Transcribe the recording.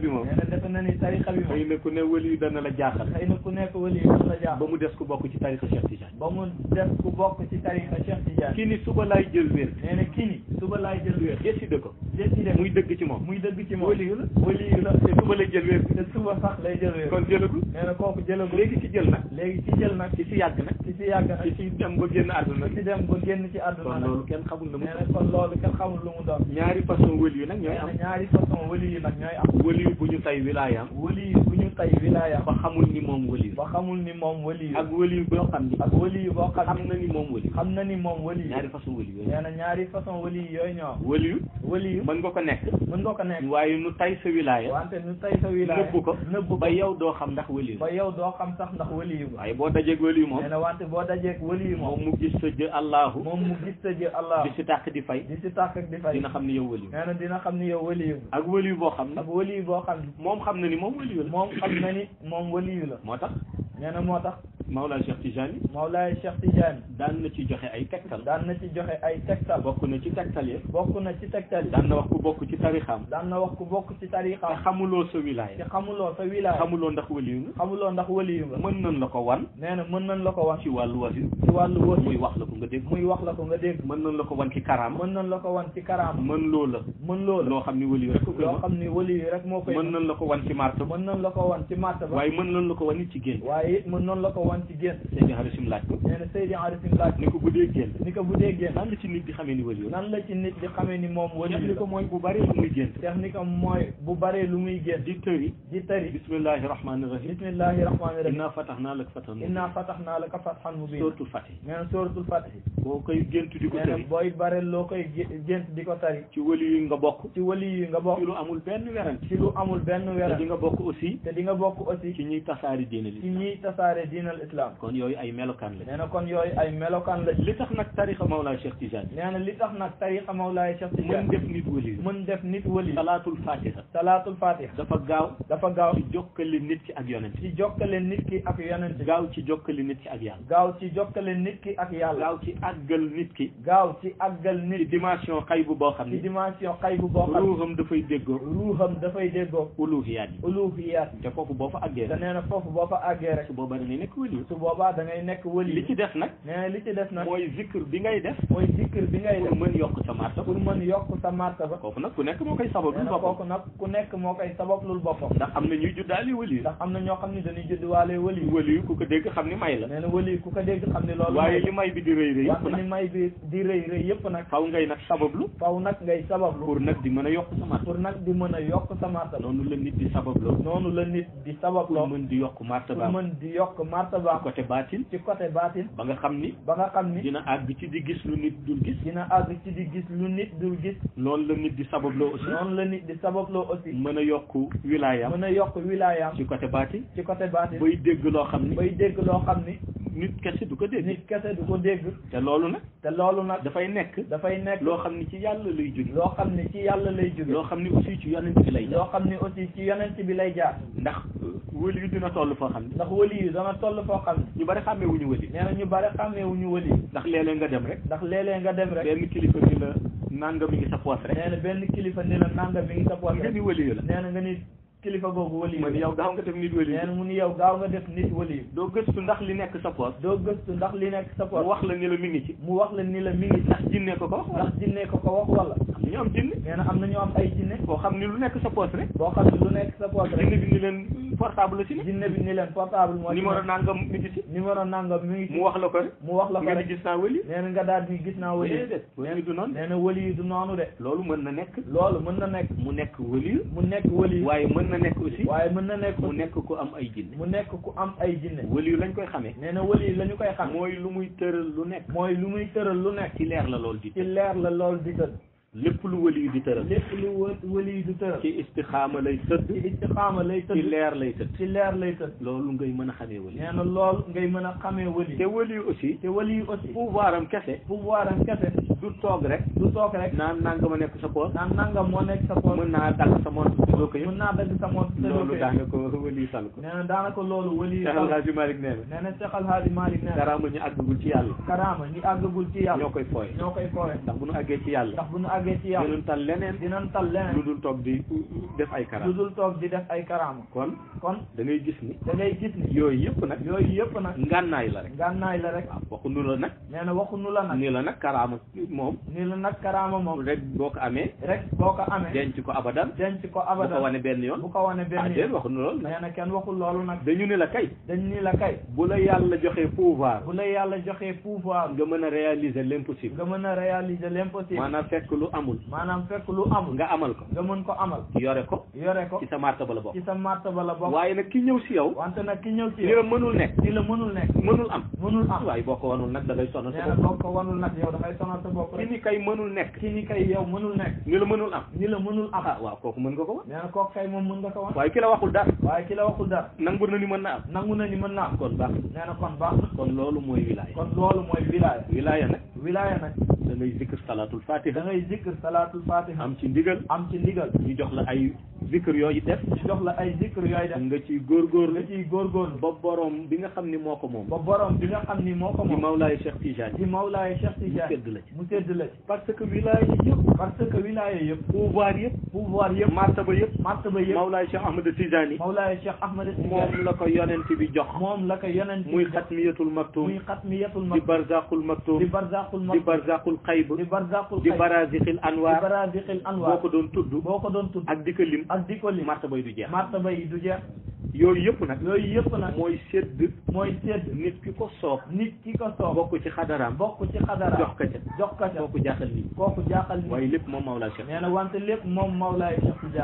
bi moom nee a defe na ni tarixa bi moom xëy na ku ne wëli dana la jaaxal xëy na ku nekk wëli yu dana la jaaxal ba mu des ku bokk ci tarixa Cheikh Tidiane ba mu des ku bokk ci tarixa Cheikh Tidiane kii ni suba la jël wér nee na kii suba laay jël wér décide ko décide dëgg ci moom muy dëgg ci moom waliyu la waliyu la te suba lay jël wér te suba sax lay jël wér kon jëlagul nee na kooku jëlagul léegi ci jël nag léegi ci jël nag ci si yàgg nag ci si yàgg nag ci dem ba génn àdduna ci dem ba génn ci àdduna nag loolu kenn xamul lu mu doon kon loolu kenn xamul lu mu doon ñaari façon waliyu nag ñooy am ñaari façon waliyu nag ñooy am waliyu bu ñu tay wilaayam waliyu bu ñu tay wilaayam ba xamul ni moom waliyu ba xamul ni moom waliyu ak waliyu boo xam ni ak waliyu boo xam xam na ni moom waliyu xam na ni moom waliyu ñaari façon waliyu nee na ñaari façon waliyu yooyu ñoo waliyu waliyu mën nga ko nekk mën nga ko nekk waaye nu tay sa wilaaya wante nu tay sa wilaaya nëbb ko nëbb ko ba yow doo xam ndax wali ba yaw doo xam sax ndax wali waaye boo dajeeg wali moom nee na wante boo dajeeg wali moom mu gis sa jë allahu moom mu gis sa jë allahu di si tàkk di fay di si tàkk ak di fay dina xam ni yow wali nee na dina xam ni yow wali ak wali boo xam ne ak wali boo xam ne moom xam na ni moom wali la moom xam na la moo tax nee na moo tax Mawlaay Cheikh Tidiane. Mawlaay Cheikh Tidiane. daan na ci joxe ay tegtal. daan na ci joxe ay tegtal. bokk na ci tegtal ya. bokk na ci tegtal yi. daan na wax ku bokk ci tarixaam. daan na wax ku bokk ci tarixaam. te xamuloo sa wilaaya. te xamuloo sa wilaaya. xamuloo ndax waliyu nga. xamuloo ndax waliyu nga. mën nañ la ko wan. nee na mën nañ la ko wan. ci wàllu wasiyu. ci wàllu wasiyu. muy wax la ko nga dégg. muy wax la ko nga dégg. mën nañ la ko wan ci karaam. mën nañ la ko wan ci karaam. mën loo la. mën loo la loo xam ni waliyu rek. loo xam ni waliyu rek moo koy. mën nañ la ko wan ci martaba. mën nañ la ko wan ci martaba. waaye mën nañ la ko wan ci géej. waaye it mën nañ la ko wan man ci génn Seydi Harisim laaj ko nee na Seydi Harisim laaj ko ni ko bu dee génn ni ko bu dee génn nan la ci nit di xamee ni waliyu nan la ci nit di xamee ni moom waliyu def ni ko mooy bu bëree lu muy génn def ni ko mooy bu bëree lu muy génn di tëri di tëri bismillahi rahmaani rahim bismillahi rahmaani rahim innaa fatahnaa laka fatahan innaa fatahnaa laka fatahan mubiin suratul Fatih nee na suratul Fatih boo koy gént di ko tari booy bare loo koy gént di ko tari ci wali yi nga bokk ci wali yi nga bokk ci lu amul benn werante ci lu amul benn werante te di nga bokk aussi te di nga bokk aussi ci ñuy tasaare diinal ci ñuy tasaare diinal islam kon yooyu ay melokaan la nee na kon yooyu ay melokaan la li tax nag tarixa Mawlaay Cheikh Tidiane nee na li tax nag tarixa Mawlaay Cheikh Tidiane mën def nit wali mën def nit wali salaatul fatiha salaatul fatiha dafa gaaw dafa gaaw ci jokkale nit ki ak yonent ci jokkale nit ki ak yonent gaaw ci jokkale nit ki ak yàlla gaaw ci jokkale nit ki ak yàlla gaaw ci ak àggal nit ki. gaaw ci àggal nit. ci dimension xaybu boo xam ne. ci dimension xaybu boo xam ne. ruuxam dafay déggoo. ruuxam dafay déggoo. uluhiyaat yi. uluhiyaat yi. te foofu boo fa àggee rek. te nee na foofu boo fa àggee rek. su boobaa da ngay nekk wëli. su boobaa da ngay nekk wëli. li ci def nag. nee na li ci def nag. mooy zikir bi ngay def. mooy zikir bi ngay def. pour mën yokk sa martaba. pour mën yokk sa martaba. kooku nag ku nekk moo koy sabablul boppam. kooku nag ku nekk moo koy sabablul boppam. ndax am na ñuy juddaale wëli. ndax am na ñoo xam ne dañuy juddwaale wëli. wëli ku ko dégg xam ne may la. nee na wëli ku ko dégg xam ne loolu. waaye li may bi di rëy rëy li ñu may bi di rey rëy yëpp nag faw ngay nag sabablu faw nag ngay sabablu pour nag di mën a yokk sa martaba pour nag di mën a yokk sa martaba noonu la nit di sababloo noonu la nit di sababloo man di yokk martaba man di yokk martaba côté baatin ci côté baatin ba nga xam ni ba nga xam ni dina bi ci di gis lu nit dul gis dina àgg ci di gis lu nit dul gis loolu la nit di sababloo aussi noonu la nit di sababloo aussi mën a yokk wilaayam man a yokk wilaayam ci côté baatin ci côté baatin bay dégg loo xam ni bay dégg loo xam ni nit kese du ko dégg. nit kese du ko dégg. te loolu nag. te loolu nag dafay nek dafay nekk loo xam ne ci yàlla lay jóge. loo xam ne ci yàlla lay jóge. loo xam ne aussi ci yonent bi lay jaar. xam ni aussi ci yonent bi lay jaar. ndax euh, wëli yu dina toll foo xam ne. ndax wëli yu dana toll foo xam ne. ñu bari xàmmee wu ñu wëli. nee na ñu bari xàmmee wu ñu ndax léeg nga dem rek. ndax léeg nga dem rek. benn kilifa bi la nangam mi ngi sa poos rek. nee na benn kilifa ni la nangam mi ngi sa poos rek. nga ni wëli yu la nga kilifa googu wali mu ni yow gaaw nga def nit wali mu ni yow gaaw nga def nit wali doo gëstu ndax li nekk sa poos doo gëstu ndax li nekk sa mu wax la ni la mi ngi ci mu wax la ni la mi ngi ndax jinne ko ko wax ndax jinne ko ko wax wala ñu am jinne nee am na ñu am ay jinne boo xam ni lu nekk sa poche rek boo xam ni lu nekk sa poche rek jinne bi ni leen portable la si ne jinne bi ni leen portable mooy numéro nangam mi ngi si numéro nangam mi ngi si mu wax la ko rek mu wax la ko rek nga gis naa wëli nee nga daal di gis naa wëli de wëli du noonu nee na wëli du noonu de loolu mën na nekk loolu mën na nekk mu nekk wëli mu nekk wëli waaye mën na nekk aussi waaye mën na nekk mu nekk ku am ay jinne mu nekk ku am ay jinne wëli lañ koy xamee nee na wëli lañu koy xam mooy lu muy tëral lu nekk mooy lu muy tëral lu nekk ci leer la loolu ci leer la loolu di tëdd lépp lu wëliyu di tëral. lépp lu wëliyu di tëral. ci istixaama lay tëdd. ci istixaama lay tëdd. ci leer lay tëdd. ci leer lay tëdd. loolu ngay mën a xamee wëliyu. nee na ngay mën a xamee wëliyu. te wëliyu aussi. te wëliyu aussi. pouvoir am kese. pouvoir am kese. du toog rek. du toog rek. naan nangam a nekk sa poos. naan nangam moo nekk sa poos. mën naa dagg sa montre sa doo ko yëpp. mën naa dagg sa montre sa ko yëpp. loolu daanaka wëliyu sàll ko. nee na daanaka loolu wëliyu. Seex Alhaaji Malick nee na. nee na karaama ñu àggagul ci yàlla. karaama ñu àggagul ci yàlla. ñoo koy koy fooye. ndax bu àggee ci yow dinañ tal leneen dinañ tal leneen lu dul toog di def ay karaama lu dul toog di def ay karaama kon kon da ngay gis ni da ngay gis ni yooyu yëpp nag yooyu yëpp nag ngànnaay la rek ngànnaay la rek waaw waxuñu la nag nee na waxuñu la nag nii la nag karaama moom nii la nag karaama moom rek boo ko amee rek boo ko amee denc ko abadan denc ko abadan bu ko wane benn yoon bu ko wane benn ah, yoon waxuñu loolu nag nee na kenn waxul loolu nag dañu ni la kay dañu ni la kay bu a a lu amul maanaam fekk lu amul nga amal ko nga mën ko amal yore ko yore ko ci sa martaba la bokk ci sa martaba la na waaye nag ki ñëw si yow wante nag ki ñëw si yow li la mënul nekk li la mënul nekk mënul am mënul am waaye boo ko wanul nag da ngay sa bopp ko wanul nag yow da ngay sa bopp ki ni kay mënul nekk ki ni kay yow mënul nekk ni la mënul am ni la mënul am ah waaw kooku mën nga ko wan nee na kooku kay moom mën nga ko wan waaye ki la waxul dara waaye ki la waxul dara na ni mën na na ni mën na am kon baax nee na kon baax kon loolu mooy ngay zikr salaatul fatiha da ngay zikr salaatul fatiha am ci ndigal am ci ndigal ñu jox la ay zikr yooyu def jox la ay zikr yooyu def nga ciy góorgóorlu nga bi nga xam ni moo ko moom ba di Mawlaay la ci mu sedd la ci parce que wilaya yëpp parce que wilaya yëpp pouvoir yëpp pouvoir yëpp martaba yëpp martaba yëpp Mawlaay Cheikh Ahmad Tidiane yi la ko yonent bi jox moom la ko yonent muy xatmiyatul maktum muy xatmiyatul maktum di barzaqul maktum di barzaqul maktum di barzaqul xayb di barzaqul xayb di di ko li martaba yi du jeex martaba yi du jeex yooyu yëpp nag yooyu yëpp nag mooy sedd mooy sédd nit ki ko soob nit ki ko soob bokk ci xadaraam bokk ci xadaraam jox ko ca jox ko ca kooku jaaxal nit kooku jaaxal nit waaye lépp moom Mawlaay Cheikh nee na wante lépp moom Mawlaay Cheikh